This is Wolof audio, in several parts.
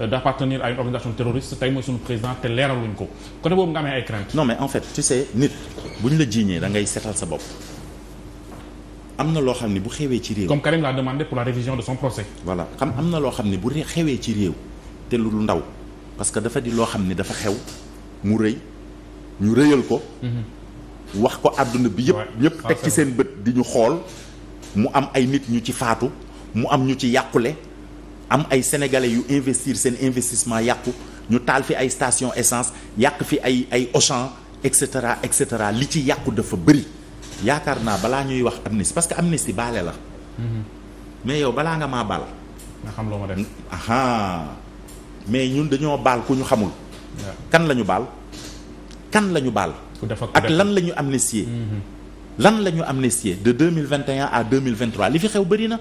Euh, d'appartenir à une organisation terroriste tey mooy suñu président te leeraluñ ko côté boobu nga amee ay crainte non mais en fait tu sais nit bu ñu la jiiñee da ngay seetal sa bopp am na loo xam ne bu xewee ci réew. comme Karim l'a demandé pour la révision de son procès. xam am na loo xam ne bu xewee ci réew te lu ndaw parce que dafa di loo xam ne dafa xew mu rëy ñu rëyal ko. Mm-hmm. wax ko àdduna bi yëpp ñëpp ah, teg ci seen bët di ñu xool mu am ay nit ñu ci faatu mu am ñu ci yàqule. am ay sénégalais yu investir seen investissement yàqu ñu taal fi ay station essence yàq fi ay ay Auchan et cetera et cetera li ci yàqu dafa bëri yaakaar naa balaa ñuy wax amnistie parce que amnistie baale la. Mm-hmm. mais yow balaa nga maa baal. nga xam loo ma def. mais ñun dañoo baal ku ñu xamul. kan la ñu baal. kan la ñu baal. ak lan la ñu amnistier. Mm-hmm. lan la ñu amnistier de deux mille vingt et un à deux mille vingt trois li fi xew bari na.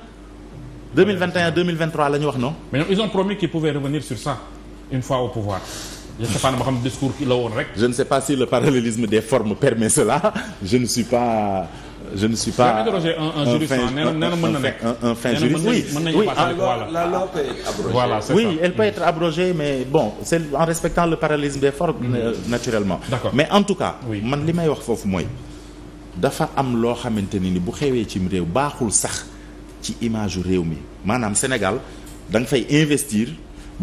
2021 2023 la ñu wax non. mais ñoom ils ont promis qu'ils pouvaient revenir sur ça une fois au pouvoir. je ne sais pas ma xam discours ki la woon rek. je ne sais pas si le parallélisme des formes permet cela je ne suis pas. je ne suis pas un juriste nee na mën na nekk un fin juriste oui oui voilà oui elle peut être abrogée mais bon c'est en respectant le parallélisme des formes mm. euh, naturellement mais en tout cas man li may wax foofu mooy dafa am loo xamante ni ni bu xewee cim réew baaxul sax ci image réew mi maanaam Sénégal da nga fay investir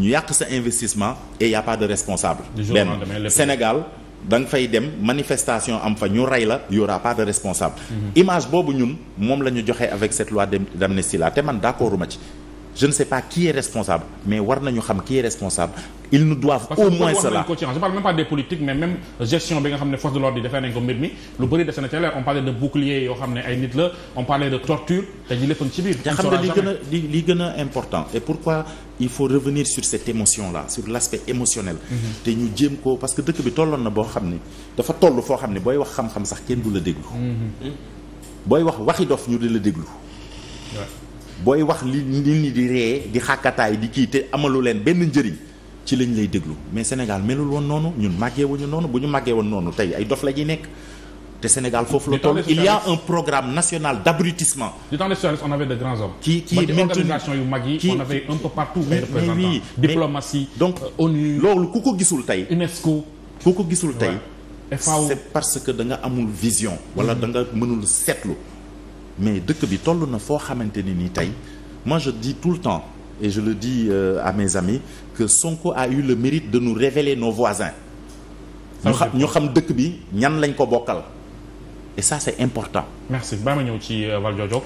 ñu yàq sa investissement et y a pas de responsable benn Sénégal danga nga fay dem manifestation am fa ñu rey la yora aura pas de responsable mm-hmm. image boobu ñun moom la ñu joxe avec cette loi d'amnistie la te man ma ci je ne sais pas qui est responsable mais war nañu xam qui est responsable ils nous doivent au moins cela je parle même pas des politiques mais même gestion bi nga xam ne force de l'ordre yi defee nañ ko mbir mi lu bëri def na ci leer on parlait de bouclier yoo xam ne ay nit la on parlait de torture te ñu lépp ci biir xam nga li gën a li li important et pourquoi il faut revenir sur cette émotion là sur l'aspect émotionnel mhm. te ñu jéem ko parce booy wax li nit ñi di ree di xàkkataay di kii te amalu leen benn njëriñ ci lañ lay déglu mais Sénégal melul woon noonu ñun màggee wuñu noonu bu ñu màggee woon noonu tey ay dof la ñuy nekk te Sénégal foofu la toll il y un programme national d'abrutissement. du temps des socialistes on avait de grands hommes. qui qui organisation yu mag yi on avait un peu donc euh, loolu ku ko gisul tey. UNESCO ku ko gisul tey. c'est parce que danga amul vision. wala mm-hmm. da mënul seetlu. mais dëkk bi toll na foo xamante ni ni tey moi je dis tout le temps et je le dis euh, à mes amis que Sonko a eu le mérite de nous révéler nos voisins ñu xam ñu xam dëkk bi ñan lañ ko bokkal et ça c'est important merci baa ñëw ci euh, Val Diodio